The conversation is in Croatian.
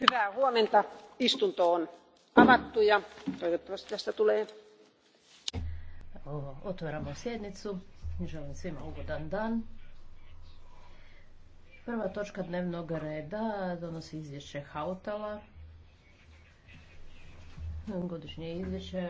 Hyvää huomenta. Istunto on avattu ja toivottavasti tästä tulee. Otvaramo sjednicu. Želim svima ugodan dan. Prva točka dnevnog reda donosi izvješće Hautala godišnje izvješće